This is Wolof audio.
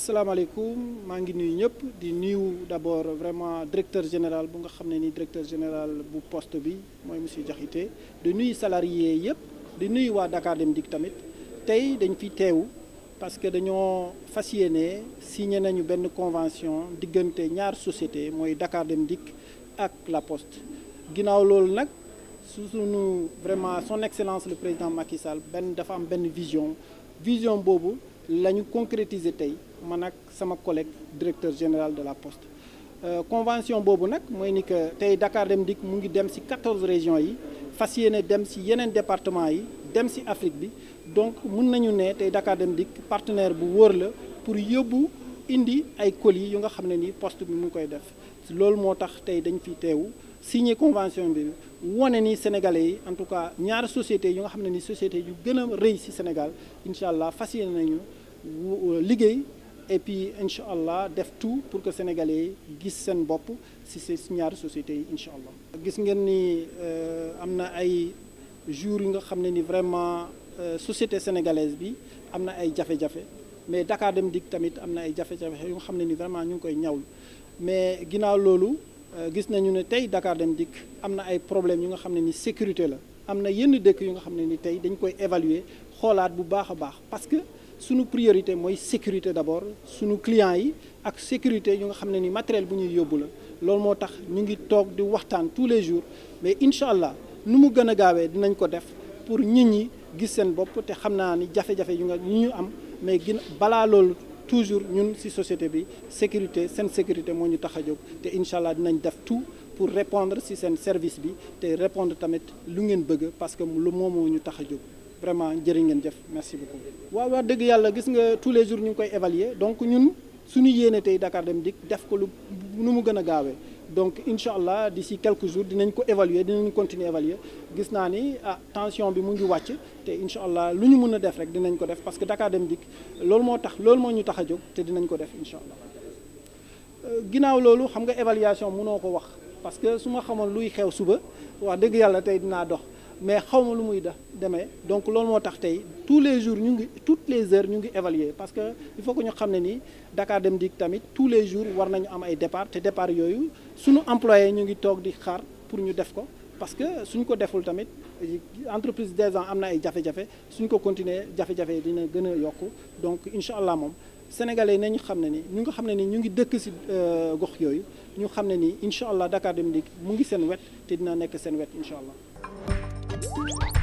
asalaamaaleykum maa ngi nuyu ñëpp di nuyu d'abord vraiment directeur général bu nga xam ne ni directeur général bu post bi mooy monsieur Diakhaté di nuyu salarie yëpp di nuyu waa Dakar Dem Dikk tamit tey dañ fi teew parce que dañoo fas yéene signé nañu benn convention diggante ñaar société mooy Dakar Dem Dikk ak La post ginnaaw loolu nag su sunu vraiment son excellence le président Macky benn dafa am benn vision vision boobu la ñu concrétiser tey man ak sama collègue directeur général de la poste euh, convention boobu nag mooy ni que tey Dakar Dem Dikk mu ngi dem ci quatorze régions yi fas yéene dem ci yeneen département yi dem ci Afrique bi donc mun nañu ne tey Dakar Dem Dikk partenaire bu wóor la pour yóbbu indi ay colis yu nga xam ne ni poste bi mu ngi koy def loolu moo tax tey dañ fi teewu signé convention bi wane ni sénégalais yi en tout cas ñaar société yu nga xam ne ni société yu gën a rëy ci Sénégal incha allah fas yéene nañu euh, liggéey et incha allah def tout pour que sénégalais yi gis seen bopp ci ci ñaari sociétés yi incha allah. gis ngeen ni euh, am na ay jours yu nga xam ne ni vraiment euh, société sénégalaise bi am na ay jafe-jafe. mais Dakar Dem Dikk tamit am na ay jafe-jafe xam ne ni vraiment ñu ngi koy ñaw mais ginnaaw loolu euh, gis nañu ne tey Dakar Dem Dikk am na ay problème yu nga xam ne ni sécurité la am na yenn dëkk yu nga xam ne ni tey dañ koy évaluer xoolaat bu baax a baax parce que suñu priorité mooy sécurité d'abord suñu client yi ak sécurité yu nga xam ne ni matériel bu ñuy yóbbu la loolu moo tax ñu ngi toog di waxtaan tous les jours mais incha allah nu mu gën a gaawee dinañ ko def pour nit ñi gis seen bopp te xam naa ni jafe-jafe yu nga ñu am mais gin balaa loolu toujours ñun ci société bi sécurité seen sécurité moo ñu tax a jóg te incha allah dinañ def tout pour répondre ci seen service bi te répondre tamit lu ngeen bëgg parce que lu moom moo ñu tax a jóg vraiment jëriñ ngeen jëf merci beaucoup. waaw wax dëgg yàlla gis nga tous les jours ñu ngi koy évaluer donc ñun suñu yéene tey dakaar Dem Dikk def ko lu nu mu gën a gaawee. donc incha allah di d'ici quelques jours dinañ ko évaluer dinañ continuer évaluer gis naa ni ah tension bi mu ngi wàcc te incha allah lu ñu mën a def rek dinañ ko def parce que Dakar Dem Dikk loolu moo tax loolu moo ñu tax a jóg te dinañ ko def incha allah euh, ginnaaw loolu xam nga évaluation mënoo ko wax parce que su ma xamoon luy xew suba wax dëgg yàlla tey dinaa dox. mais xaw ma lu muy da demee donc loolu moo tax tey tous les jours ñu ngi toutes les heures ñu ngi évaluer parce que il faut que ñu xam ne nii Dakar Dem Dikk tamit tous les jours war nañu am ay départ te départ yooyu su employé ñu ngi toog di xaar pour ñu def ko parce que suñ ko deful tamit entreprise des déjà am na ay jafe-jafe suñ ko continuer jafe-jafe dina gën a yokk donc incha allah moom sénégalais nañu xam ne ni ñu nga xam ne ni ñu ngi dëkk ci euh, gox yooyu ñu xam ne ni incha allah Dakar Dem Dikk mu ngi seen wet te dina nekk seen wet incha allah Louga